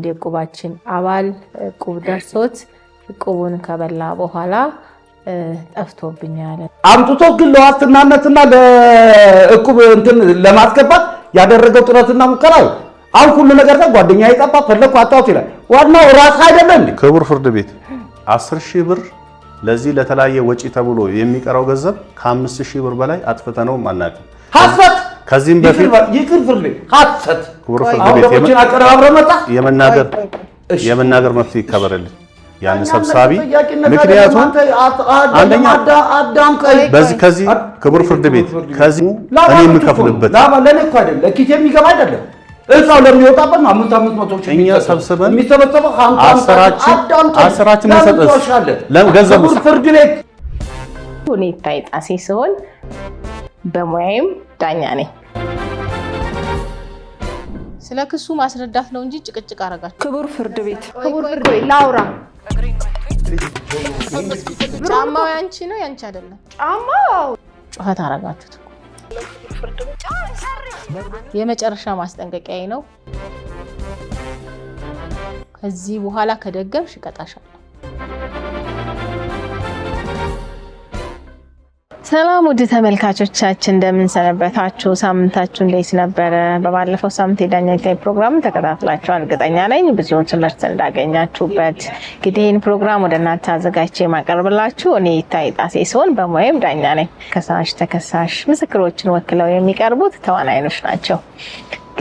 አንድ የእቁባችን አባል እቁብ ደርሶት እቁቡን ከበላ በኋላ ጠፍቶብኛል። አምጥቶ ግን ለዋስትናነትና ለእቁብ እንትን ለማስገባት ያደረገው ጥረትና ሙከራ አሁን ሁሉ ነገር ላይ ጓደኛ የጠፋ ፈለግኩ አጣሁት ይላል። ዋናው ራስ አይደለም። ክቡር ፍርድ ቤት አስር ሺህ ብር ለዚህ ለተለያየ ወጪ ተብሎ የሚቀረው ገንዘብ ከአምስት ሺህ ብር በላይ አጥፍተነውም አናውቅም። ሀሰት ከዚህም በፊት ይቅር ፍርድ ሀሰት ክቡር ፍርድ ቤት አቀረባብረህ መጣ የመናገር የመናገር መፍትሄ ይከበረልኝ ያን ሰብሳቢ። ምክንያቱም አንደኛ አዳም ቀይ በዚህ ከዚህ ክቡር ፍርድ ቤት ከዚህ እኔ የምከፍልበት ላባ ለኔ እኮ አይደለም ለኪቴ የሚገባ አይደለም እዛው ለሚወጣበት ነው። አምስት አምስት መቶ እኛ ሰብስበን የሚሰበሰበው አስራችን አስራችን ሰጠስ ለምን ገንዘቡ ፍርድ ቤት ሁኔታ ይጣሴ ሲሆን በሙያዬም ዳኛ ነኝ። ስለ ክሱ ማስረዳት ነው እንጂ ጭቅጭቅ አረጋችሁ። ክቡር ፍርድ ቤት፣ ክቡር ፍርድ ቤት ላውራ። ጫማው ያንቺ ነው ያንቺ አይደለም። ጫማው ጩኸት አረጋችሁት። የመጨረሻ ማስጠንቀቂያ ነው። ከዚህ በኋላ ከደገምሽ እቀጣሻለሁ። ሰላም ውድ ተመልካቾቻችን እንደምን ሰነበታችሁ? ሳምንታችሁ እንዴት ነበረ? በባለፈው ሳምንት የዳኛ ጋይ ፕሮግራም ተከታትላችሁ እርግጠኛ ነኝ ብዙ ትምህርት እንዳገኛችሁበት። እንግዲህ ይህን ፕሮግራም ወደ እናንተ አዘጋጅቼ የማቀርብላችሁ እኔ ይታይ ጣሴ ሲሆን በሙያም ዳኛ ነኝ። ከሳሽ፣ ተከሳሽ ምስክሮችን ወክለው የሚቀርቡት ተዋናዮች ናቸው።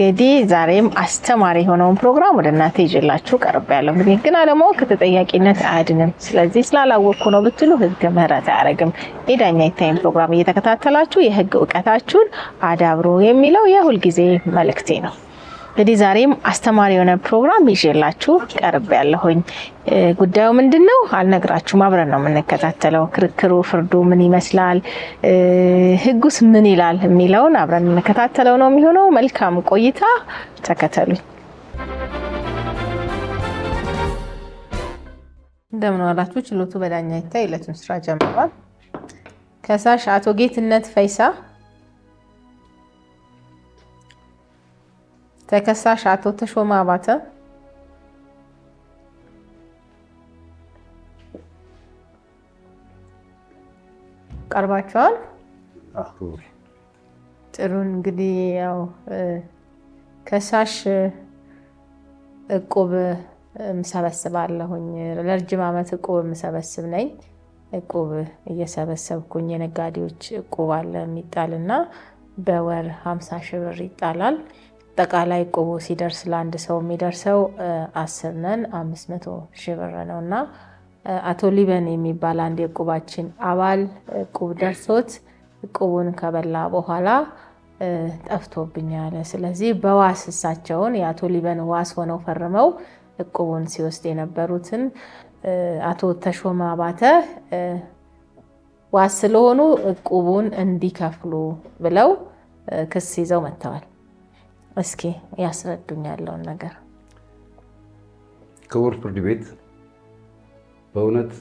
እንግዲህ ዛሬም አስተማሪ የሆነውን ፕሮግራም ወደ እናንተ ይዤላችሁ ቀርብ ያለው እንግዲህ ግን አለማወቅ ከተጠያቂነት አያድንም። ስለዚህ ስላላወቅኩ ነው ብትሉ ህግ ምህረት አያደርግም። የዳኛ ይታይም ፕሮግራም እየተከታተላችሁ የህግ እውቀታችሁን አዳብሮ የሚለው የሁልጊዜ መልእክቴ ነው። እንግዲህ ዛሬም አስተማሪ የሆነ ፕሮግራም ይዤላችሁ ቀርብ ያለሁኝ። ጉዳዩ ምንድን ነው አልነግራችሁም። አብረን ነው የምንከታተለው። ክርክሩ፣ ፍርዱ ምን ይመስላል፣ ህጉስ ምን ይላል የሚለውን አብረን የምንከታተለው ነው የሚሆነው። መልካም ቆይታ፣ ተከተሉኝ። እንደምን ዋላችሁ። ችሎቱ በዳኛ ይታይ ዕለቱን ስራ ጀምሯል። ከሳሽ አቶ ጌትነት ፈይሳ ተከሳሽ አቶ ተሾመ አባተ ቀርባቸዋል። ጥሩ እንግዲህ ያው ከሳሽ እቁብ አለሁኝ። ለረጅም ዓመት እቁብ የምሰበስብ ነኝ። እቁብ እየሰበሰብኩኝ የነጋዴዎች እቁብ አለ የሚጣል የሚጣልና በወር ሀምሳ ሺህ ብር ይጣላል። አጠቃላይ እቁቡ ሲደርስ ለአንድ ሰው የሚደርሰው አስርነን አምስት መቶ ሺህ ብር ነው እና አቶ ሊበን የሚባል አንድ የቁባችን አባል ቁብ ደርሶት እቁቡን ከበላ በኋላ ጠፍቶብኛል፣ ስለዚህ በዋስ እሳቸውን የአቶ ሊበን ዋስ ሆነው ፈርመው እቁቡን ሲወስድ የነበሩትን አቶ ተሾመ አባተ ዋስ ስለሆኑ እቁቡን እንዲከፍሉ ብለው ክስ ይዘው መጥተዋል። እስኪ ያስረዱኝ ያለውን ነገር። ክቡር ፍርድ ቤት በእውነት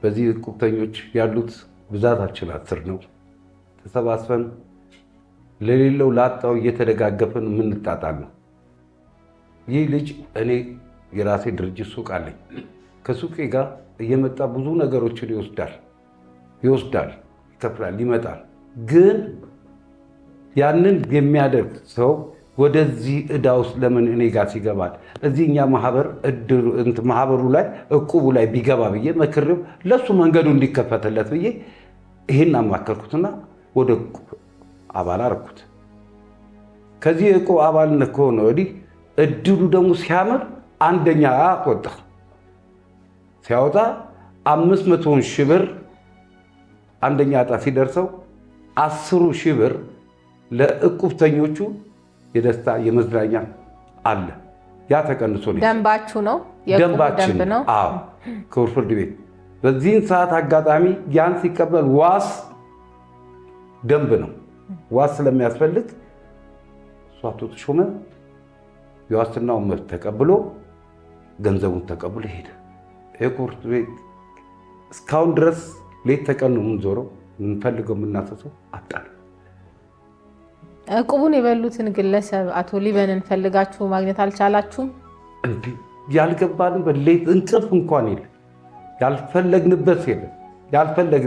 በዚህ ቁብተኞች ያሉት ብዛታችን አስር ነው። ተሰባስበን ለሌለው ላጣው እየተደጋገፍን የምንጣጣል ነው። ይህ ልጅ እኔ የራሴ ድርጅት ሱቅ አለኝ። ከሱቄ ጋር እየመጣ ብዙ ነገሮችን ይወስዳል ይወስዳል፣ ይከፍላል፣ ይመጣል ግን ያንን የሚያደርግ ሰው ወደዚህ እዳ ውስጥ ለምን እኔ ጋር ሲገባል? እዚህ እኛ ማህበር ማህበሩ ላይ እቁቡ ላይ ቢገባ ብዬ መክርም ለሱ መንገዱ እንዲከፈትለት ብዬ ይህን አማከርኩትና ወደ እቁብ አባል አርኩት ከዚህ እቁ አባልነት ከሆነ ወዲህ እድሉ ደግሞ ሲያምር አንደኛ ወጣ ሲያወጣ አምስት መቶውን ሺህ ብር አንደኛ ዕጣ ሲደርሰው አስሩ ሺህ ብር ለእቁብተኞቹ የደስታ የመዝናኛ አለ። ያ ተቀንሶ ነው። ደንባችሁ ነው፣ ደንባችን ነው። አዎ ክቡር ፍርድ ቤት በዚህን ሰዓት አጋጣሚ ያን ሲቀበል ዋስ ደንብ ነው። ዋስ ስለሚያስፈልግ እሷ ተሾመ የዋስትናውን መብት ተቀብሎ ገንዘቡን ተቀብሎ ሄደ። የኮርት ቤት እስካሁን ድረስ ሌት ተቀን ምን ዞረው የምንፈልገው የምናሰሰው አጣል እቁቡን የበሉትን ግለሰብ አቶ ሊበንን ፈልጋችሁ ማግኘት አልቻላችሁም? ያልገባንበት በሌት እንጥፍ እንኳን የለ፣ ያልፈለግንበት የለ፣ ያልፈለግ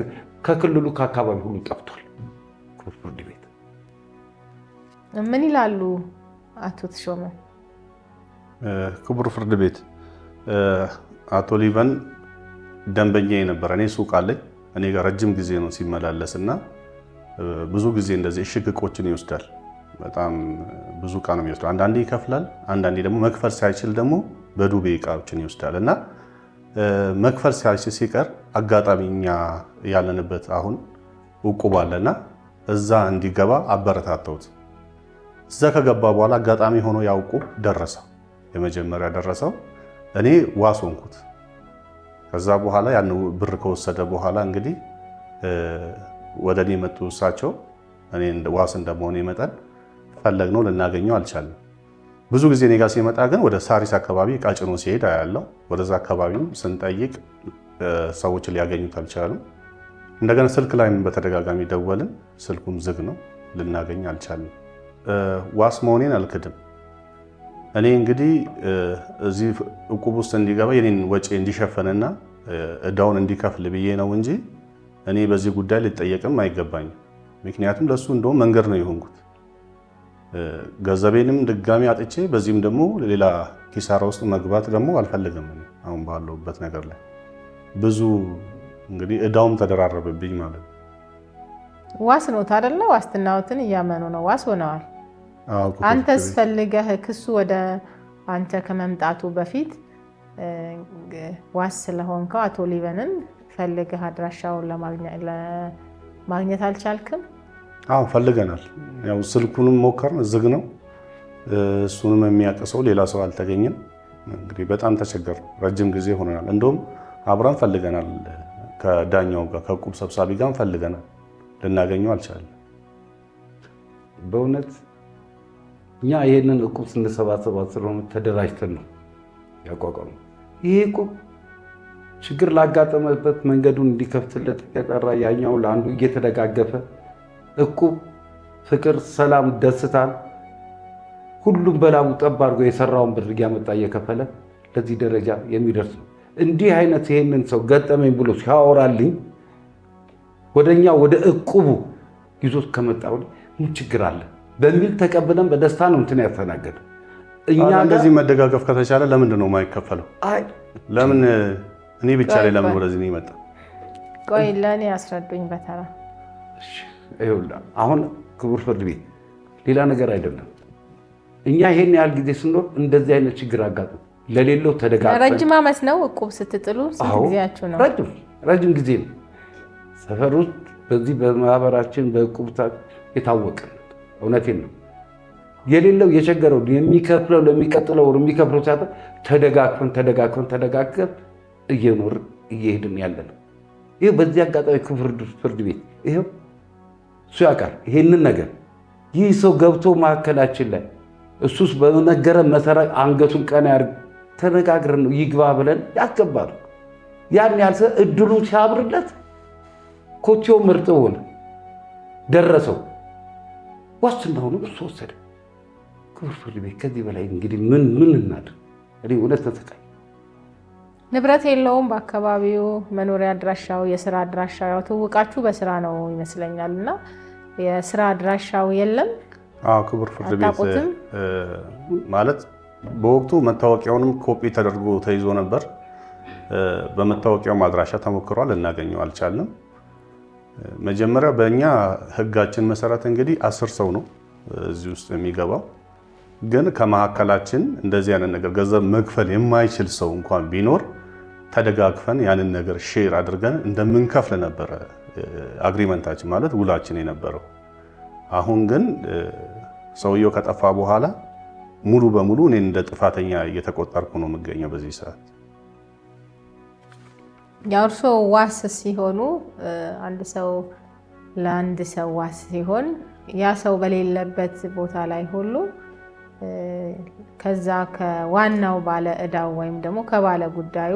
ከክልሉ ከአካባቢ ሁሉ ጠፍቷል። ፍርድ ቤት ምን ይላሉ አቶ ተሾመ? ክቡር ፍርድ ቤት አቶ ሊበን ደንበኛ የነበረ እኔ ሱቅ አለኝ እኔ ጋር ረጅም ጊዜ ነው ሲመላለስ እና ብዙ ጊዜ እንደዚህ እሽግቆችን ይወስዳል። በጣም ብዙ እቃ ነው የሚወስደው። አንዳንዴ ይከፍላል፣ አንዳንዴ ደግሞ መክፈል ሳይችል ደግሞ በዱቤ እቃዎችን ይወስዳል እና መክፈል ሳይችል ሲቀር አጋጣሚ እኛ ያለንበት አሁን እቁብ አለና እዛ እንዲገባ አበረታተውት እዛ ከገባ በኋላ አጋጣሚ ሆኖ ያውቁ እቁብ ደረሰው፣ የመጀመሪያ ደረሰው። እኔ ዋስ ሆንኩት። ከዛ በኋላ ያን ብር ከወሰደ በኋላ እንግዲህ ወደ እኔ መጡ። እሳቸው እኔ ዋስ እንደመሆኔ መጠን ፈለግነው ልናገኘው አልቻለም። ብዙ ጊዜ እኔ ጋር ሲመጣ ግን ወደ ሳሪስ አካባቢ ዕቃ ጭኖ ሲሄድ አያለው። ወደዛ አካባቢም ስንጠይቅ ሰዎች ሊያገኙት አልቻሉም። እንደገና ስልክ ላይም በተደጋጋሚ ደወልን፣ ስልኩም ዝግ ነው፣ ልናገኝ አልቻለም። ዋስ መሆኔን አልክድም። እኔ እንግዲህ እዚህ እቁብ ውስጥ እንዲገባ የኔን ወጪ እንዲሸፍንና እዳውን እንዲከፍል ብዬ ነው እንጂ እኔ በዚህ ጉዳይ ልጠየቅም አይገባኝም። ምክንያቱም ለእሱ እንደውም መንገድ ነው የሆንኩት። ገንዘቤንም ድጋሚ አጥቼ በዚህም ደግሞ ሌላ ኪሳራ ውስጥ መግባት ደግሞ አልፈልግም። አሁን ባለውበት ነገር ላይ ብዙ እንግዲህ እዳውም ተደራረበብኝ ማለት ነው። ዋስ ኖት አደለ? ዋስትናዎትን እያመኑ ነው፣ ዋስ ሆነዋል። አንተስ ፈልገህ ክሱ ወደ አንተ ከመምጣቱ በፊት ዋስ ስለሆንከው አቶ ሊበንን ፈልገህ አድራሻውን ለማግኘት አልቻልክም? አዎ ፈልገናል። ያው ስልኩንም ሞከርን፣ ዝግ ነው። እሱንም የሚያውቅ ሰው ሌላ ሰው አልተገኘም። እንግዲህ በጣም ተቸገር፣ ረጅም ጊዜ ሆነናል። እንደውም አብረን ፈልገናል፣ ከዳኛው ጋር ከቁብ ሰብሳቢ ጋር ፈልገናል፣ ልናገኘው አልቻለም። በእውነት እኛ ይሄንን እቁብ ስንሰባሰባ ስለሆነ ተደራጅተን ነው ያቋቋሙ። ይሄ እቁብ ችግር ላጋጠመበት መንገዱን እንዲከፍትለት ከጠራ ያኛው ለአንዱ እየተደጋገፈ እቁብ፣ ፍቅር፣ ሰላም፣ ደስታን ሁሉም በላቡ ጠብ አድርጎ የሰራውን ብር እያመጣ እየከፈለ ለዚህ ደረጃ የሚደርስ ነው። እንዲህ አይነት ይሄንን ሰው ገጠመኝ ብሎ ሲያወራልኝ ወደኛ ወደ እቁቡ ይዞት ከመጣ ምን ችግር አለ በሚል ተቀብለን በደስታ ነው እንትን ያስተናገደ። እኛ እንደዚህ መደጋገፍ ከተቻለ ለምንድን ነው የማይከፈለው? ለምን እኔ ብቻ ላይ ለምን ወደዚህ ነው የመጣ? ቆይ ለእኔ አስረዱኝ በተራ። አሁን ክቡር ፍርድ ቤት ሌላ ነገር አይደለም። እኛ ይሄን ያህል ጊዜ ስንኖር እንደዚህ አይነት ችግር አጋጥሞ ለሌለው ተደጋ ረጅም ዓመት ነው እቁብ ስትጥሉ ጊዜያችሁ ነው ረጅም ጊዜ ነው። ሰፈር ውስጥ በዚህ በማህበራችን በእቁብ የታወቀ እውነቴን ነው። የሌለው የቸገረው የሚከፍለው ለሚቀጥለው የሚከፍለው ሲያጠ ተደጋግፈን ተደጋግፈን ተደጋግፈን እየኖር እየሄድን ያለ ነው። ይህ በዚህ አጋጣሚ ፍርድ ቤት ይሄው እሱ ያውቃል ይሄንን ነገር። ይህ ሰው ገብቶ መካከላችን ላይ እሱስ በነገረ መሰረት አንገቱን ቀና ያርግ ተነጋግረን ነው ይግባ ብለን ያስገባሉ። ያን ያልሰ እድሉ ሲያብርለት ኮቴው ምርጥ ሆነ ደረሰው። ዋስትናውንም እሱ ወሰደ። ክቡር ፍርድ ቤት ከዚህ በላይ እንግዲህ ምን ምን እናድር? እኔ እውነት ተሰቃይ ንብረት የለውም። በአካባቢው መኖሪያ አድራሻው፣ የስራ አድራሻው ያው ትውቃችሁ በስራ ነው ይመስለኛል እና የስራ አድራሻው የለም። ክቡር ፍርድ ቤት ማለት በወቅቱ መታወቂያውንም ኮፒ ተደርጎ ተይዞ ነበር። በመታወቂያው አድራሻ ተሞክሯል፣ ልናገኘው አልቻልንም። መጀመሪያ በእኛ ህጋችን መሰረት እንግዲህ አስር ሰው ነው እዚህ ውስጥ የሚገባው ግን ከመካከላችን እንደዚህ አይነት ነገር ገንዘብ መክፈል የማይችል ሰው እንኳን ቢኖር ተደጋግፈን ያንን ነገር ሼር አድርገን እንደምንከፍል ነበረ አግሪመንታችን ማለት ውላችን የነበረው። አሁን ግን ሰውየው ከጠፋ በኋላ ሙሉ በሙሉ እኔን እንደ ጥፋተኛ እየተቆጠርኩ ነው የምገኘው በዚህ ሰዓት። ያው ዋስ ሲሆኑ አንድ ሰው ለአንድ ሰው ዋስ ሲሆን ያ ሰው በሌለበት ቦታ ላይ ሁሉ ከዛ ከዋናው ባለ እዳው ወይም ደግሞ ከባለ ጉዳዩ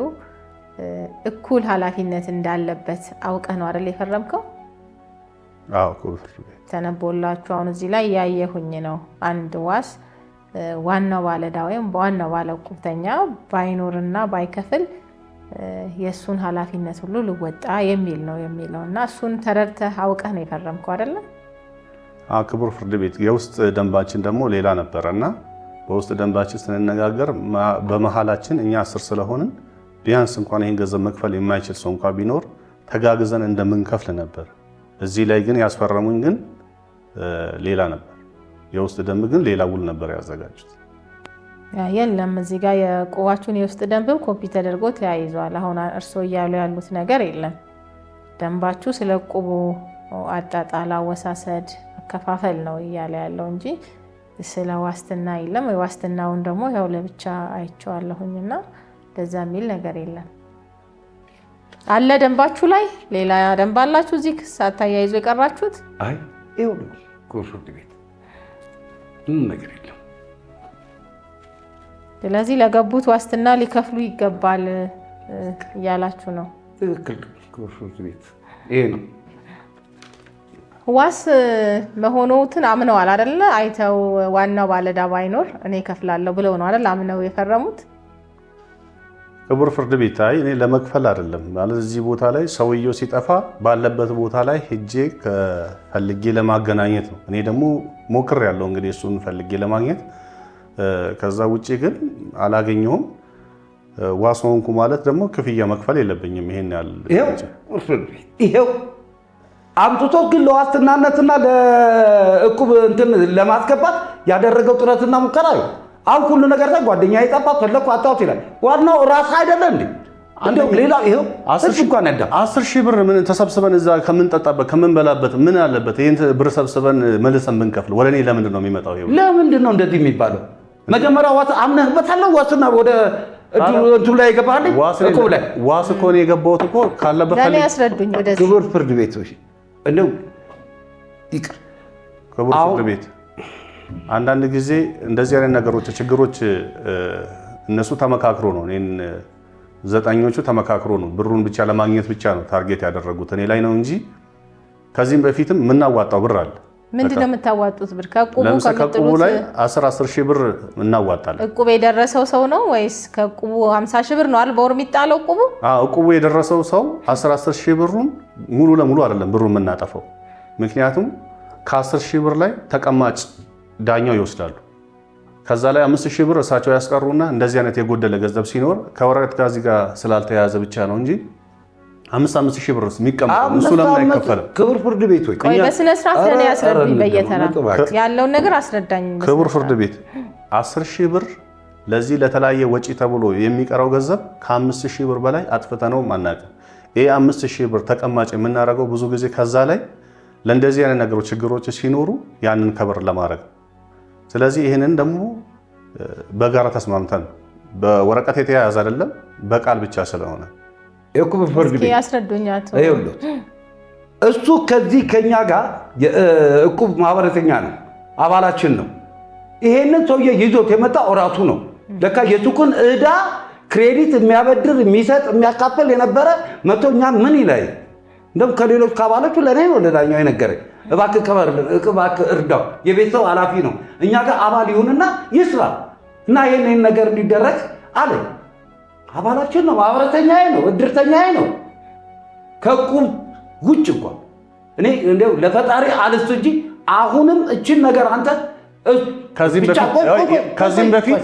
እኩል ኃላፊነት እንዳለበት አውቀ ነው አይደል የፈረምከው? አዎ ተነቦላችሁ። አሁን እዚህ ላይ ያየሁኝ ነው አንድ ዋስ ዋናው ባለዕዳ ወይም ባለ ባለቁብተኛ ባይኖርና ባይከፍል የእሱን ኃላፊነት ሁሉ ልወጣ የሚል ነው የሚለው እና እሱን ተረድተህ አውቀህ ነው የፈረምከው አይደለም? ክቡር ፍርድ ቤት የውስጥ ደንባችን ደግሞ ሌላ ነበረ እና በውስጥ ደንባችን ስንነጋገር በመሀላችን እኛ አስር ስለሆንን ቢያንስ እንኳን ይህን ገንዘብ መክፈል የማይችል ሰው እንኳ ቢኖር ተጋግዘን እንደምንከፍል ነበር። እዚህ ላይ ግን ያስፈረሙኝ ግን ሌላ ነበር። የውስጥ ደንብ ግን ሌላ ውል ነበር ያዘጋጁት። የለም እዚህ ጋር የቆዋችሁን የውስጥ ደንብም ኮፒ ተደርጎ ተያይዟል። አሁን እርስዎ እያሉ ያሉት ነገር የለም። ደንባችሁ ስለ ቁቡ አጣጣል፣ አወሳሰድ፣ አከፋፈል ነው እያለ ያለው እንጂ ስለ ዋስትና የለም። የዋስትናውን ደግሞ ያው ለብቻ አይቼዋለሁኝና እንደዛ የሚል ነገር የለም። አለ ደንባችሁ ላይ ሌላ ደንብ አላችሁ እዚህ አታያይዞ የቀራችሁት? አይ ፍርድ ቤት ምን ነገር የለም። ስለዚህ ለገቡት ዋስትና ሊከፍሉ ይገባል እያላችሁ ነው። ትክክል ፍርድ ቤት ይሄ ነው። ዋስ መሆኑትን አምነዋል አይደለ? አይተው ዋናው ባለዕዳ ባይኖር እኔ እከፍላለሁ ብለው ነው አይደል? አምነው የፈረሙት ክቡር ፍርድ ቤት አይ እኔ ለመክፈል አይደለም ማለት እዚህ ቦታ ላይ ሰውየው ሲጠፋ ባለበት ቦታ ላይ ሄጄ ፈልጌ ለማገናኘት ነው። እኔ ደግሞ ሞክር ያለው እንግዲህ እሱን ፈልጌ ለማግኘት ከዛ ውጭ ግን አላገኘሁም። ዋስ ሆንኩ ማለት ደግሞ ክፍያ መክፈል የለብኝም። ይሄን ያህል ይሄው አምጥቶ ግን ለዋስትናነትና ለእቁብ እንትን ለማስገባት ያደረገው ጥረትና ሙከራ አሁን ሁሉ ነገር ላይ ጓደኛ የጠፋ ፈለግኩ አታውት ይላል። ዋናው ራስ አይደለ እንዴ? እንደው ሌላ ይኸው አስር እንኳን ያዳ አስር ሺህ ብር ምን ተሰብስበን እዛ ከምንጠጣበት ከምንበላበት ምን አለበት? ይህን ብር ሰብስበን መልሰን ብንከፍል ወደ እኔ ለምንድን ነው የሚመጣው? ይኸው ለምንድን ነው እንደዚህ የሚባለው? መጀመሪያ ዋስ አምነህበታለሁ። ዋስና ወደ እጁ ላይ ይገባል። ዋስ እኮ ነው የገባሁት እኮ ካለበት ያስረዱኝ። ወደዚህ ክቡር ፍርድ ቤቶች እንደው ይቅር፣ ክቡር ፍርድ ቤት አንዳንድ ጊዜ እንደዚህ አይነት ነገሮች ችግሮች እነሱ ተመካክሮ ነው እኔን ዘጠኞቹ ተመካክሮ ነው ብሩን ብቻ ለማግኘት ብቻ ነው ታርጌት ያደረጉት እኔ ላይ ነው እንጂ ከዚህም በፊትም የምናዋጣው ብር አለ። ምንድን ነው የምታዋጡት ብር? ከቁቡ ላይ 10 ሺህ ብር እናዋጣለን። እቁብ የደረሰው ሰው ነው ወይስ ከቁቡ 50 ሺህ ብር ነው አል በወር የሚጣለው እቁቡ። እቁቡ የደረሰው ሰው 10 ሺህ ብሩን ሙሉ ለሙሉ አይደለም ብሩ የምናጠፈው። ምክንያቱም ከ10 ሺህ ብር ላይ ተቀማጭ ዳኛው ይወስዳሉ። ከዛ ላይ አምስት ሺህ ብር እሳቸው ያስቀሩና እንደዚህ አይነት የጎደለ ገንዘብ ሲኖር ከወረቀት ጋር እዚህ ጋር ስላልተያያዘ ብቻ ነው እንጂ አምስት አምስት ሺህ ብር የሚቀመጡ እሱ ለምን አይከፈልም? ክቡር ፍርድ ቤት ወይ በስነ ስርዓት ለኔ ያስረዳኝ፣ በየተራ ያለውን ነገር አስረዳኝ። ክቡር ፍርድ ቤት አስር ሺህ ብር ለዚህ ለተለያየ ወጪ ተብሎ የሚቀረው ገንዘብ ከአምስት ሺህ ብር በላይ አጥፍተነውም አናውቅም። ይህ አምስት ሺህ ብር ተቀማጭ የምናደርገው ብዙ ጊዜ ከዛ ላይ ለእንደዚህ አይነት ነገሮች ችግሮች ሲኖሩ ያንን ከበር ለማድረግ ስለዚህ ይህንን ደግሞ በጋራ ተስማምተን በወረቀት የተያያዘ አይደለም፣ በቃል ብቻ ስለሆነ እሱ ከዚህ ከኛ ጋር እቁብ ማህበረተኛ ነው፣ አባላችን ነው። ይሄንን ሰውዬ ይዞት የመጣው እራሱ ነው። ለካ የሱቁን እዳ ክሬዲት የሚያበድር የሚሰጥ የሚያካፍል የነበረ መቶኛ ምን ይላይ እንደም ከሌሎች ከአባሎቹ ለእኔ ነው ለዳኛው የነገረኝ እባክህ ከበርልን እባክህ እርዳው። የቤተሰብ ኃላፊ ነው፣ እኛ ጋር አባል ይሁንና ይስራ እና ይህን ነገር እንዲደረግ አለ። አባላችን ነው፣ ማህበረተኛ ነው፣ እድርተኛ ነው። ከቁም ውጭ እንኳን እኔ እንዲያው ለፈጣሪ አልስቱ እንጂ አሁንም እችን ነገር አንተ ከዚህም በፊት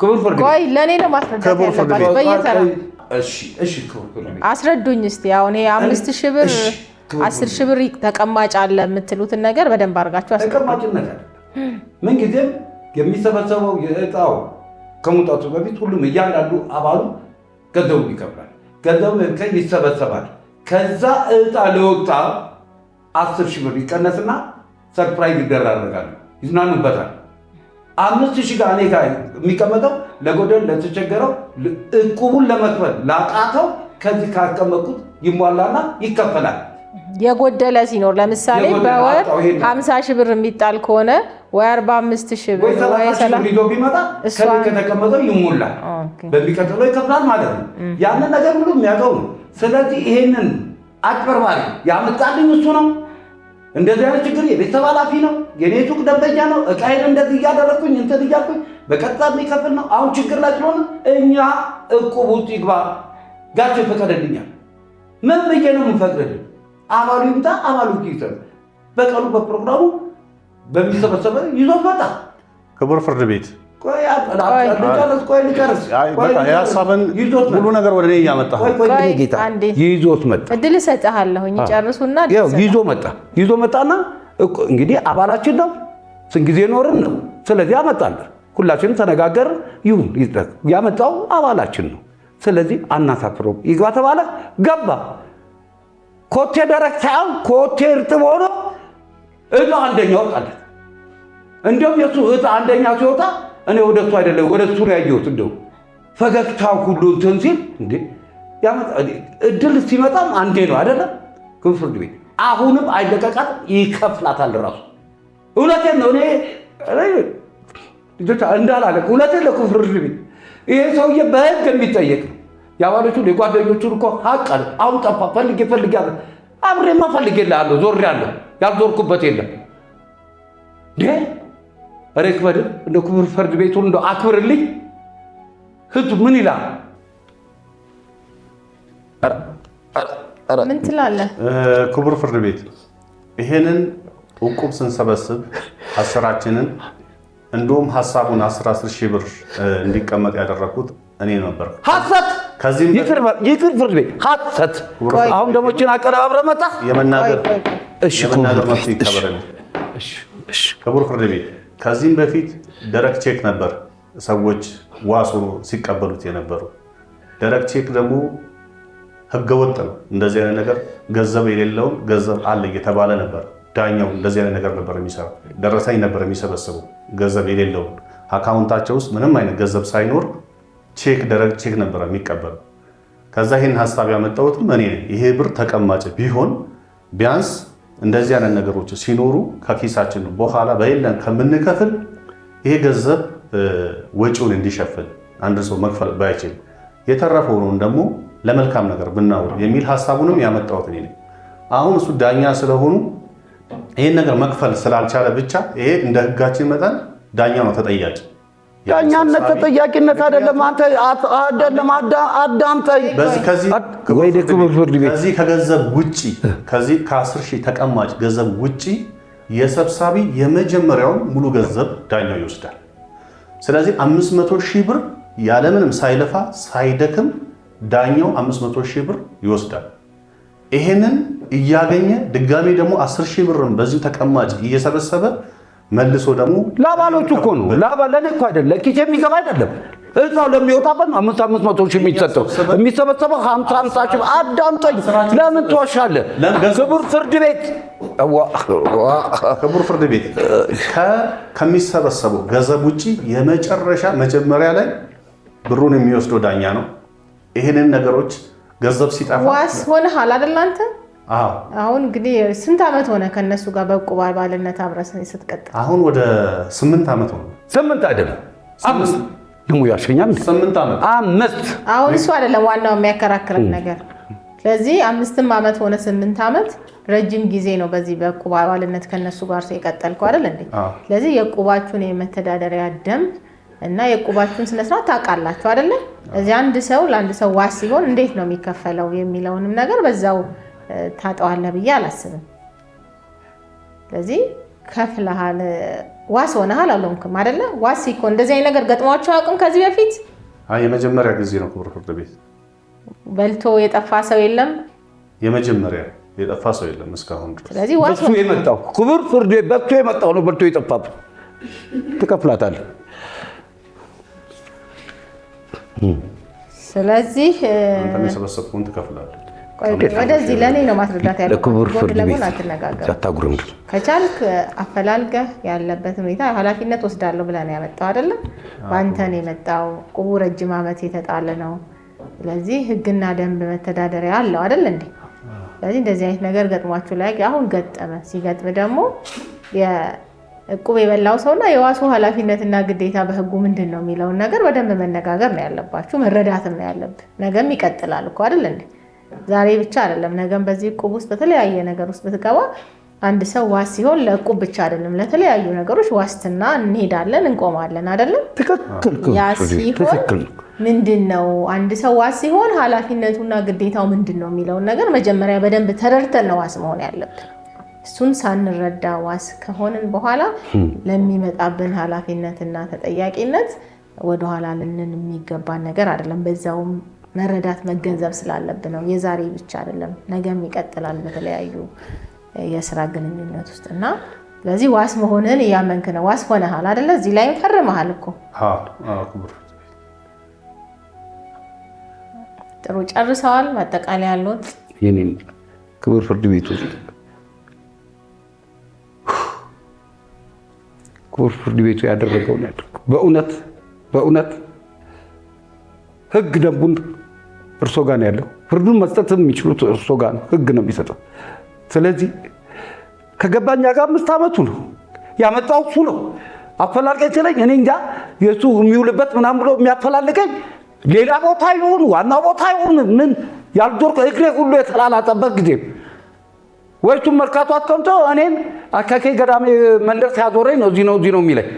ክቡር ፍርድ ቤት አስረዱኝ እስቲ አሁን አምስት ሺህ ብር አስር ሺህ ብር ተቀማጭ አለ የምትሉትን ነገር በደንብ አድርጋችሁ ተቀማጭነት ምንጊዜም የሚሰበሰበው የእጣው ከመውጣቱ በፊት ሁሉም እያንዳንዱ አባሉ ገንዘቡ ይከፍላል። ገንዘቡ ይሰበሰባል። ከዛ እጣ ለወጣ አስር ሺህ ብር ይቀነስና ሰርፕራይዝ ይደራረጋሉ፣ ይዝናኑበታል። አምስት ሺህ ጋር እኔ ጋር የሚቀመጠው ለጎደል ለተቸገረው፣ እቁቡን ለመክፈል ላቃተው ከዚህ ካቀመጥኩት ይሟላና ይከፈላል። የጎደለ ሲኖር ለምሳሌ በወር 50 ሺህ ብር የሚጣል ከሆነ ወይ 45 ሺህ ብር ወይ ሺህ ይዞ ቢመጣ ከተቀመጠው ይሞላል፣ በሚቀጥለው ይከፍላል ማለት ነው። ያንን ነገር ሁሉ የሚያውቀው ነው። ስለዚህ ይሄንን አጭበርባሪ ያመጣልኝ እሱ ነው። እንደዚህ አይነት ችግር የቤተሰብ ኃላፊ ነው፣ የኔቱ ደንበኛ ነው። እቃይን እንደዚህ እያደረግኩኝ እንትን እያልኩኝ በቀጥታ የሚከፍል ነው። አሁን ችግር ላይ ስለሆነ እኛ እቁብ ውስጥ ይግባ ጋቸው ይፈቀደልኛል። ምን ብዬ ነው የምንፈቅድልኝ? አባሉ ይምጣ፣ አባሉ ይቅር። በቀኑ በፕሮግራሙ በሚሰበሰበ ይዞ መጣ። ክቡር ፍርድ ቤት ሙሉ ነገር ወደ እኔ እያመጣ ይዞት መጣ። እድል ጨርሱና ይዞ መጣ። ይዞ መጣና እንግዲህ አባላችን ነው፣ ጊዜ ኖርን ነው። ስለዚህ አመጣለን፣ ሁላችንም ይሁን ያመጣው አባላችን ነው። ስለዚህ አናሳፍረው፣ ይግባ ተባለ፣ ገባ። ኮቴ ደረቅ ሳይሆን ኮቴ እርጥብ ሆኖ እጣ አንደኛ ወጣለት። እንደውም የሱ እጣ አንደኛ ሲወጣ እኔ ወደ እሱ አይደለም ወደ እሱ ነው ያየሁት። እንደው ፈገግታ ሁሉ እንትን ሲል እድል ሲመጣም አንዴ ነው አይደለም ግን ፍርድ ቤት አሁንም አይለቀቃትም፣ ይከፍላታል ራሱ። እውነቴን ነው እኔ እንዳላለቅ እውነቴን ለኩ ፍርድ ቤት ይሄ ሰውዬ በህግ የሚጠየቅ ነው። የአባሎቹን የጓደኞቹን እኮ ሀቅ አለ። አሁን ጠፋ። ፈልጌ ፈልጌ አለ አብሬማ ፈልጌ ላለሁ ዞር ያለሁ ያልዞርኩበት የለም። ሬ ክበድ እንደ ክቡር ፍርድ ቤቱን እንደ አክብርልኝ። ህዝብ ምን ይላል? ምን ትላለህ? ክቡር ፍርድ ቤት ይሄንን እቁብ ስንሰበስብ አስራችንን እንዲሁም ሀሳቡን አስር አስር ሺህ ብር እንዲቀመጥ ያደረኩት እኔ ነበር ሀሰት ይቅር ፍርድ ቤት ሀሰት አሁን ደሞችን አቀነባብረህ መጣ የመናገር ክቡር ፍርድ ቤት ከዚህም በፊት ደረቅ ቼክ ነበር ሰዎች ዋስ ሆኖ ሲቀበሉት የነበሩ። ደረቅ ቼክ ደግሞ ህገ ወጥ ነው። እንደዚህ አይነት ነገር ገንዘብ የሌለውን ገንዘብ አለ እየተባለ ነበር። ዳኛው እንደዚህ አይነት ነገር ነበር የሚሰራ ደረሰኝ ነበር የሚሰበስበው ገንዘብ የሌለውን አካውንታቸው ውስጥ ምንም አይነት ገንዘብ ሳይኖር ቼክ ደረግ ቼክ ነበረ የሚቀበለው። ከዛ ይህን ሀሳብ ያመጣሁትም እኔ ነኝ። ይሄ ብር ተቀማጭ ቢሆን ቢያንስ እንደዚህ አይነት ነገሮች ሲኖሩ ከኪሳችን በኋላ በሌለን ከምንከፍል ይሄ ገንዘብ ወጪውን እንዲሸፍን አንድ ሰው መክፈል ባይችል የተረፈውን ደግሞ ለመልካም ነገር ብናውል የሚል ሀሳቡንም ያመጣሁት እኔ ነኝ። አሁን እሱ ዳኛ ስለሆኑ ይህን ነገር መክፈል ስላልቻለ ብቻ ይሄ እንደ ህጋችን መጠን ዳኛ ነው ተጠያቂ ዳኛነት ተጠያቂነት አይደለም። አንተ አይደለም አዳምጠኝ። ወይ ፍርድ ቤት ከዚህ ከገንዘብ ውጪ ከዚህ ከአስር ሺህ ተቀማጭ ገንዘብ ውጪ የሰብሳቢ የመጀመሪያውን ሙሉ ገንዘብ ዳኛው ይወስዳል። ስለዚህ 500 ሺህ ብር ያለምንም ሳይለፋ ሳይደክም ዳኛው 500 ሺህ ብር ይወስዳል። ይሄንን እያገኘ ድጋሚ ደግሞ 10 ሺህ ብርን በዚሁ ተቀማጭ እየሰበሰበ መልሶ ደግሞ ለአባሎቹ እኮ ነው። ለእኔ እኮ አይደለም፣ ኪሴ የሚገባ አይደለም። እዛው ለሚወጣበት ነው አምስት አምስት መቶ ሺህ የሚሰጠው የሚሰበሰበው ሀምሳ ሀምሳ ሺህ። አዳምጠኝ፣ ለምን ትዋሻለህ? ክቡር ፍርድ ቤት ክቡር ፍርድ ቤት ከሚሰበሰበው ገንዘብ ውጭ የመጨረሻ መጀመሪያ ላይ ብሩን የሚወስደው ዳኛ ነው። ይህንን ነገሮች ገንዘብ ሲጠፋ ዋስ ሆነሃል አይደል አንተ አሁን እንግዲህ ስንት ዓመት ሆነ ከእነሱ ጋር በቁባ ባልነት አብረስ ስትቀጥል? አሁን ወደ ስምንት ዓመት ሆነ። ስምንት አይደለም አምስት ደግሞ ያሸኛል። ስምንት ዓመት አምስት። አሁን እሱ አይደለም ዋናው የሚያከራክረን ነገር። ስለዚህ አምስትም ዓመት ሆነ ስምንት ዓመት ረጅም ጊዜ ነው። በዚህ በቁባ ባልነት ከነሱ ጋር የቀጠልከው አይደል እንዴ? ስለዚህ የቁባችሁን የመተዳደሪያ ደንብ እና የቁባችሁን ስነስርዓት ታውቃላችሁ አይደለም? እዚህ አንድ ሰው ለአንድ ሰው ዋስ ሲሆን እንዴት ነው የሚከፈለው የሚለውንም ነገር በዛው ታጠዋለህ ብዬ አላስብም። ስለዚህ ከፍልሃል ዋስ ሆነሃል አልሆንክም አይደለ? ዋስ እኮ እንደዚህ አይነት ነገር ገጥሟቸው አያውቅም ከዚህ በፊት የመጀመሪያ ጊዜ ነው። ክቡር ፍርድ ቤት በልቶ የጠፋ ሰው የለም። የመጀመሪያ የጠፋ ሰው የለም እስካሁን። ስለዚህ ዋስ የመጣው ክቡር ፍርድ ቤት በልቶ የመጣው ነው። በልቶ የጠፋብህ ትከፍላታለህ። ስለዚህ ሰበሰብኩን ትከፍላለህ ወደዚህ ለእኔ ነው ማስረዳት ያለ ክቡር ፍርድ ቤት አታጉርም። ከቻልክ አፈላልገህ ያለበት ሁኔታ ኃላፊነት ወስዳለሁ ብለህ ነው ያመጣው አይደለም? በአንተ ነው የመጣው። ቁቡ ረጅም ዓመት የተጣለ ነው። ስለዚህ ሕግና ደንብ መተዳደሪያ አለው አይደል እንዴ? ስለዚህ እንደዚህ አይነት ነገር ገጥሟችሁ ላይ አሁን ገጠመ። ሲገጥም ደግሞ እቁብ የበላው ሰውና የዋሱ ኃላፊነትና ግዴታ በህጉ ምንድን ነው የሚለውን ነገር በደንብ መነጋገር ነው ያለባችሁ፣ መረዳትም ነው ያለብህ። ነገም ይቀጥላል እኮ አይደል እንዴ? ዛሬ ብቻ አይደለም፣ ነገም በዚህ እቁብ ውስጥ በተለያየ ነገር ውስጥ ብትገባ አንድ ሰው ዋስ ሲሆን ለእቁብ ብቻ አይደለም፣ ለተለያዩ ነገሮች ዋስትና እንሄዳለን፣ እንቆማለን። አይደለም ያ ሲሆን ምንድን ነው አንድ ሰው ዋስ ሲሆን ኃላፊነቱና ግዴታው ምንድን ነው የሚለውን ነገር መጀመሪያ በደንብ ተረድተን ነው ዋስ መሆን ያለብን። እሱን ሳንረዳ ዋስ ከሆንን በኋላ ለሚመጣብን ሀላፊነትና ተጠያቂነት ወደኋላ ልንን የሚገባን ነገር አይደለም። በዛውም መረዳት መገንዘብ ስላለብ ነው። የዛሬ ብቻ አይደለም፣ ነገም ይቀጥላል በተለያዩ የስራ ግንኙነት ውስጥ እና ስለዚህ ዋስ መሆንን እያመንክ ነው። ዋስ ሆነሃል አይደለ? እዚህ ላይም ፈርመሃል እኮ። ጥሩ ጨርሰዋል። ማጠቃለያ ያሉት ክብር ፍርድ ቤት ውስጥ ክቡር ፍርድ ቤቱ ያደረገውን ያድርጉ። በእውነት በእውነት ህግ ደንቡን እርሶ ጋር ነው ያለው። ፍርዱን መስጠት የሚችሉት እርሶ ጋር ነው። ህግ ነው የሚሰጠው። ስለዚህ ከገባኛ ጋር አምስት ዓመቱ ነው ያመጣው እሱ ነው አፈላልቀኝ ሲለኝ እኔ እንጃ የእሱ የሚውልበት ምናምን ብሎ የሚያፈላልቀኝ ሌላ ቦታ ይሁን ዋና ቦታ ይሁን ምን ያልዶር እግሬ ሁሉ የተላላጠበት ጊዜ ወይቱም መርካቶ አትከምቶ እኔን አካኬ ገዳሜ መንደር ሲያዞረኝ ነው እዚህ ነው እዚህ ነው የሚለኝ።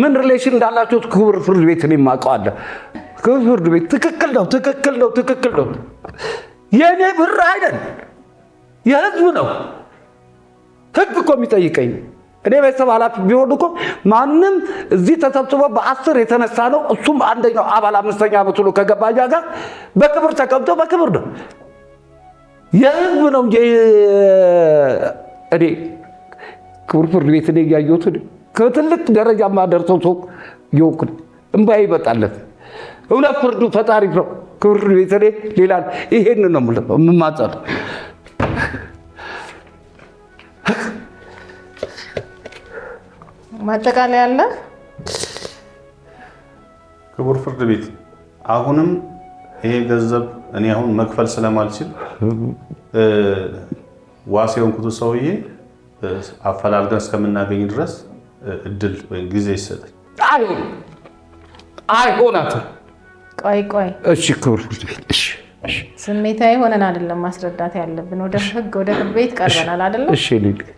ምን ሪሌሽን እንዳላቸው ክቡር ፍርድ ቤት እኔም ፍርድ ቤት ትክክል ነው፣ ትክክል ነው፣ ትክክል ነው። የእኔ ብር አይደል፣ የህዝቡ ነው። ህግ እኮ የሚጠይቀኝ እኔ ቤተሰብ ኃላፊ ቢሆን እኮ ማንም እዚህ ተሰብስቦ በአስር የተነሳ ነው። እሱም አንደኛው አባል አምስተኛ ዓመቱ ነው ከገባኛ ጋር በክብር ተቀምጦ በክብር ነው። የህዝብ ነው እንጂ እኔ ክቡር ፍርድ ቤት እኔ እያየሁት ከትልቅ ደረጃ ማደርሰው ሰው የወቅን እምባዬ ይበጣለት እውነት ፍርዱ ፈጣሪ ነው። ክብር ቤተሌ ሌላ ይሄን ነው የምማጸል ማጠቃለያ አለ። ክቡር ፍርድ ቤት አሁንም ይሄ ገንዘብ እኔ አሁን መክፈል ስለማልችል ዋስ የሆንኩት ሰውዬ አፈላልገን እስከምናገኝ ድረስ እድል ወይም ጊዜ ይሰጠኝ። አይሆን አይሆናትም ቆይ ቆይ፣ እሺ ክብር ፍርድ ቤት እሺ፣ ስሜታዊ ሆነን አይደለም ማስረዳት ያለብን። ወደ ህግ ወደ ፍርድ ቤት ቀርበናል አይደለም? እሺ።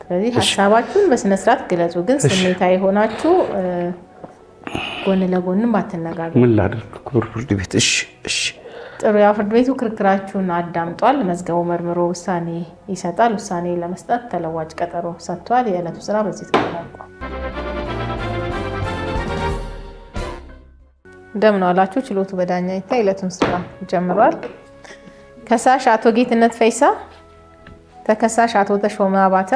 ስለዚህ ሀሳባችሁን በስነስርዓት ግለጹ፣ ግን ስሜታዊ ሆናችሁ ጎን ለጎንም አትነጋገሩ። ምን ላድርግ ክብር ፍርድ ቤት? እሺ፣ እሺ። ጥሩ። ያው ፍርድ ቤቱ ክርክራችሁን አዳምጧል። መዝገቡ መርምሮ ውሳኔ ይሰጣል። ውሳኔ ለመስጠት ተለዋጭ ቀጠሮ ሰጥቷል። የዕለቱ ስራ በዚህ ተጠናቋል። እንደምን አላችሁ ችሎቱ በዳኛ ይታ ዕለቱን ስራ ጀምሯል። ከሳሽ አቶ ጌትነት ፈይሳ፣ ተከሳሽ አቶ ተሾመ አባተ።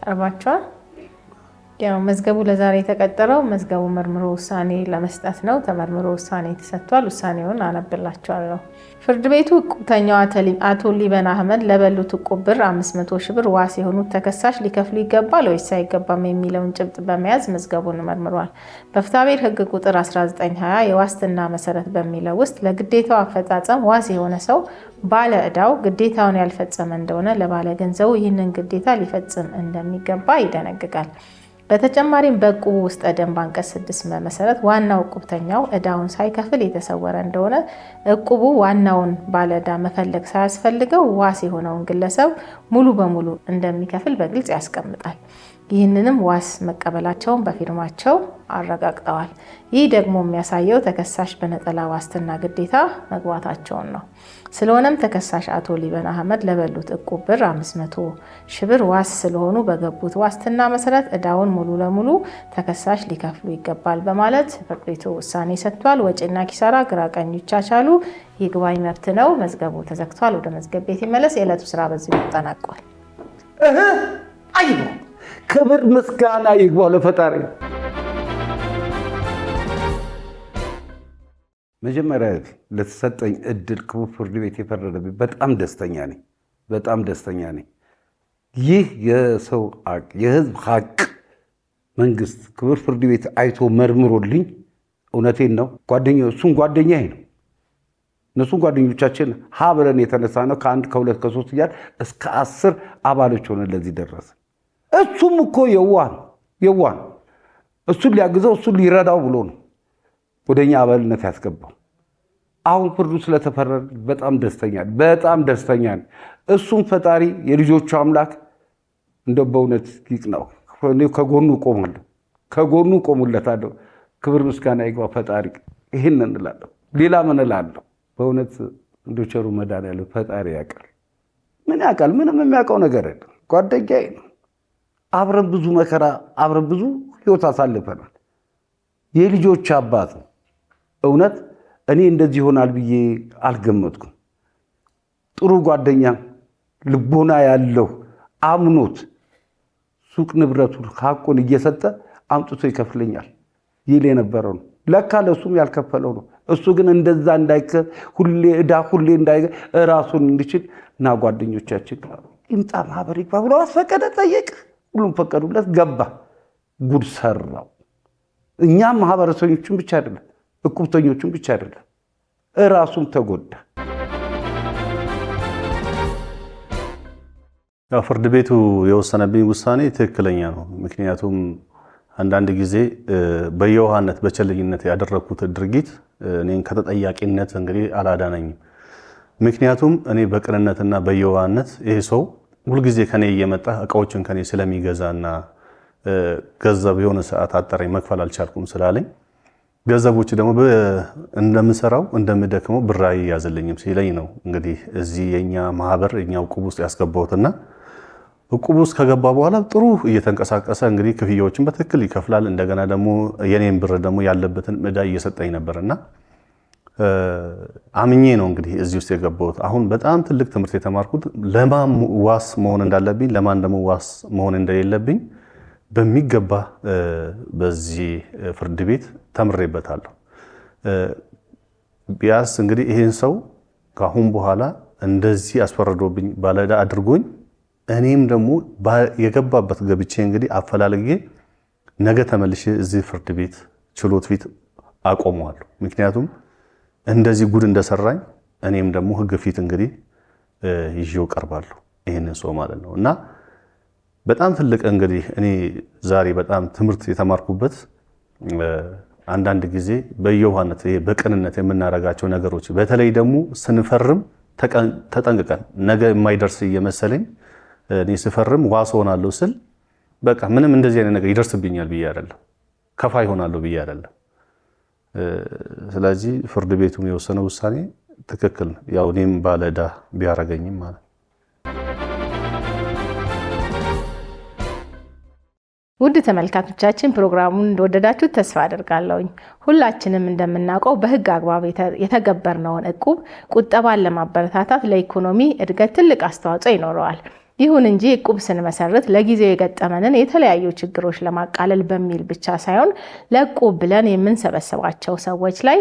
ቀርባቸዋል። ያው መዝገቡ ለዛሬ የተቀጠረው መዝገቡ መርምሮ ውሳኔ ለመስጠት ነው። ተመርምሮ ውሳኔ ተሰጥቷል። ውሳኔውን አነብላቸዋለሁ። ፍርድ ቤቱ እቁብተኛው አቶ ሊበን አህመድ ለበሉት እቁ ብር 500 ሺህ ብር ዋስ የሆኑት ተከሳሽ ሊከፍሉ ይገባል ወይስ አይገባም የሚለውን ጭብጥ በመያዝ መዝገቡን መርምሯል። በፍትሐብሔር ሕግ ቁጥር 1920 የዋስትና መሰረት በሚለው ውስጥ ለግዴታው አፈጻጸም ዋስ የሆነ ሰው ባለ ዕዳው ግዴታውን ያልፈጸመ እንደሆነ ለባለ ገንዘቡ ይህንን ግዴታ ሊፈጽም እንደሚገባ ይደነግጋል። በተጨማሪም በእቁቡ ውስጠ ደንብ አንቀጽ ስድስት መሰረት ዋናው እቁብተኛው እዳውን ሳይከፍል የተሰወረ እንደሆነ እቁቡ ዋናውን ባለ መፈለግ ሳያስፈልገው ዋስ የሆነውን ግለሰብ ሙሉ በሙሉ እንደሚከፍል በግልጽ ያስቀምጣል። ይህንንም ዋስ መቀበላቸውን በፊርማቸው አረጋግጠዋል። ይህ ደግሞ የሚያሳየው ተከሳሽ በነጠላ ዋስትና ግዴታ መግባታቸውን ነው። ስለሆነም ተከሳሽ አቶ ሊበን አህመድ ለበሉት እቁብ ብር 500 ሺህ ብር ዋስ ስለሆኑ በገቡት ዋስትና መሰረት እዳውን ሙሉ ለሙሉ ተከሳሽ ሊከፍሉ ይገባል በማለት ፍርድ ቤቱ ውሳኔ ሰጥቷል። ወጪና ኪሳራ ግራ ቀኙ ይቻቻሉ። ይግባኝ መብት ነው። መዝገቡ ተዘግቷል። ወደ መዝገብ ቤት ይመለስ። የዕለቱ ስራ በዚህ ነው ክብር ምስጋና ይግባው ለፈጣሪ። መጀመሪያ ለተሰጠኝ እድል ክቡር ፍርድ ቤት የፈረደብኝ በጣም ደስተኛ ነኝ። በጣም ደስተኛ ነኝ። ይህ የሰው ሀቅ የህዝብ ሀቅ መንግስት ክቡር ፍርድ ቤት አይቶ መርምሮልኝ፣ እውነቴን ነው። ጓደኛ እሱን ጓደኛ ነው። እነሱን ጓደኞቻችን ሀብረን የተነሳ ነው። ከአንድ ከሁለት ከሶስት እያል እስከ አስር አባሎች ሆነ ለዚህ ደረስን። እሱም እኮ የዋን የዋን የዋህ እሱን ሊያግዘው እሱን ሊረዳው ብሎ ነው ወደ እኛ አባልነት ያስገባው። አሁን ፍርዱ ስለተፈረደ በጣም ደስተኛ በጣም ደስተኛ እሱም ፈጣሪ የልጆቹ አምላክ እንደ በእውነት ጊቅ ነው። ከጎኑ ቆማለሁ፣ ከጎኑ ቆሙለታለሁ። ክብር ምስጋና ይግባ ፈጣሪ። ይህን እንላለሁ። ሌላ ምን እላለሁ? በእውነት እንደ ቸሩ መድኃኒዓለም ፈጣሪ ያውቃል። ምን ያውቃል? ምንም የሚያውቀው ነገር የለም። ጓደኛዬ ነው። አብረን ብዙ መከራ አብረን ብዙ ህይወት አሳልፈናል። የልጆች አባት እውነት እኔ እንደዚህ ይሆናል ብዬ አልገመትኩም። ጥሩ ጓደኛ፣ ልቦና ያለው አምኖት ሱቅ ንብረቱን ሀቁን እየሰጠ አምጥቶ ይከፍለኛል ይል የነበረው ነው። ለካ ለእሱም ያልከፈለው ነው። እሱ ግን እንደዛ እንዳይከ ሁሌ እዳ ሁሌ እንዳይ ራሱን እንዲችል እና ጓደኞቻችን ይምጣ ማህበር ይግባ ብሎ አስፈቀደ ጠየቅህ ሁሉም ፈቀዱለት፣ ገባ። ጉድ ሰራው። እኛም ማህበረሰቦቹን ብቻ አይደለም፣ እቁብተኞቹን ብቻ አይደለም፣ እራሱም ተጎዳ። ያው ፍርድ ቤቱ የወሰነብኝ ውሳኔ ትክክለኛ ነው። ምክንያቱም አንዳንድ ጊዜ በየውሃነት በቸልኝነት ያደረግኩት ድርጊት እኔን ከተጠያቂነት እንግዲህ አላዳነኝም። ምክንያቱም እኔ በቅንነትና በየውሃነት ይሄ ሰው ሁልጊዜ ከኔ እየመጣ እቃዎችን ከኔ ስለሚገዛና ገንዘብ የሆነ ሰዓት አጠረኝ መክፈል አልቻልኩም ስላለኝ ገንዘቦች ደግሞ እንደምሰራው እንደምደክመው ብር አይያዝልኝም ሲለኝ ነው እንግዲህ እዚህ የኛ ማህበር የኛ እቁብ ውስጥ ያስገባሁትና እቁብ ውስጥ ከገባ በኋላ ጥሩ እየተንቀሳቀሰ እንግዲህ ክፍያዎችን በትክክል ይከፍላል። እንደገና ደግሞ የኔን ብር ደግሞ ያለበትን ዕዳ እየሰጠኝ ነበርና አምኜ ነው እንግዲህ እዚህ ውስጥ የገባሁት። አሁን በጣም ትልቅ ትምህርት የተማርኩት ለማን ዋስ መሆን እንዳለብኝ፣ ለማን ደግሞ ዋስ መሆን እንደሌለብኝ በሚገባ በዚህ ፍርድ ቤት ተምሬበታለሁ። ቢያስ እንግዲህ ይህን ሰው ከአሁን በኋላ እንደዚህ አስፈርዶብኝ ባለዕዳ አድርጎኝ እኔም ደግሞ የገባበት ገብቼ እንግዲህ አፈላልጌ ነገ ተመልሼ እዚህ ፍርድ ቤት ችሎት ፊት አቆመዋለሁ። ምክንያቱም እንደዚህ ጉድ እንደሰራኝ እኔም ደግሞ ህግ ፊት እንግዲህ ይዤው ቀርባለሁ ይህንን ሰው ማለት ነው። እና በጣም ትልቅ እንግዲህ እኔ ዛሬ በጣም ትምህርት የተማርኩበት አንዳንድ ጊዜ በየዋህነት በቅንነት የምናደርጋቸው ነገሮች በተለይ ደግሞ ስንፈርም ተጠንቅቀን ነገ የማይደርስ እየመሰለኝ እኔ ስፈርም ዋስ ሆናለሁ ስል በቃ ምንም እንደዚህ አይነት ነገር ይደርስብኛል ብዬ አይደለም፣ ከፋ ይሆናለሁ ብዬ አይደለም። ስለዚህ ፍርድ ቤቱም የወሰነ ውሳኔ ትክክል ነው። ያው እኔም ባለ ዕዳ ቢያረገኝም ማለት ውድ ተመልካቾቻችን ፕሮግራሙን እንደወደዳችሁ ተስፋ አድርጋለሁኝ። ሁላችንም እንደምናውቀው በሕግ አግባብ የተገበርነውን እቁብ ቁጠባን ለማበረታታት ለኢኮኖሚ እድገት ትልቅ አስተዋጽኦ ይኖረዋል። ይሁን እንጂ ዕቁብ ስንመሰርት ለጊዜው የገጠመንን የተለያዩ ችግሮች ለማቃለል በሚል ብቻ ሳይሆን ለዕቁብ ብለን የምንሰበስባቸው ሰዎች ላይ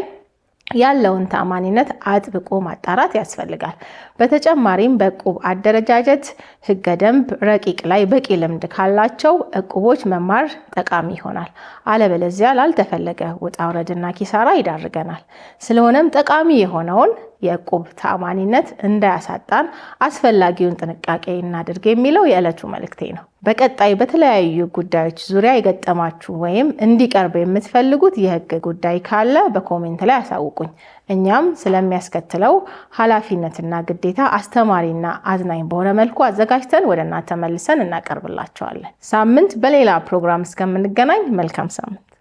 ያለውን ተአማኒነት አጥብቆ ማጣራት ያስፈልጋል። በተጨማሪም በቁብ አደረጃጀት ህገ ደንብ ረቂቅ ላይ በቂ ልምድ ካላቸው እቁቦች መማር ጠቃሚ ይሆናል። አለበለዚያ ላልተፈለገ ውጣውረድና ኪሳራ ይዳርገናል። ስለሆነም ጠቃሚ የሆነውን የእቁብ ተአማኒነት እንዳያሳጣን አስፈላጊውን ጥንቃቄ እናድርግ የሚለው የዕለቱ መልእክቴ ነው። በቀጣይ በተለያዩ ጉዳዮች ዙሪያ የገጠማችሁ ወይም እንዲቀርብ የምትፈልጉት የህግ ጉዳይ ካለ በኮሜንት ላይ አሳውቁኝ። እኛም ስለሚያስከትለው ኃላፊነትና ግዴታ አስተማሪና አዝናኝ በሆነ መልኩ አዘጋጅተን ወደ እናንተ መልሰን እናቀርብላቸዋለን። ሳምንት በሌላ ፕሮግራም እስከምንገናኝ መልካም ሳምንት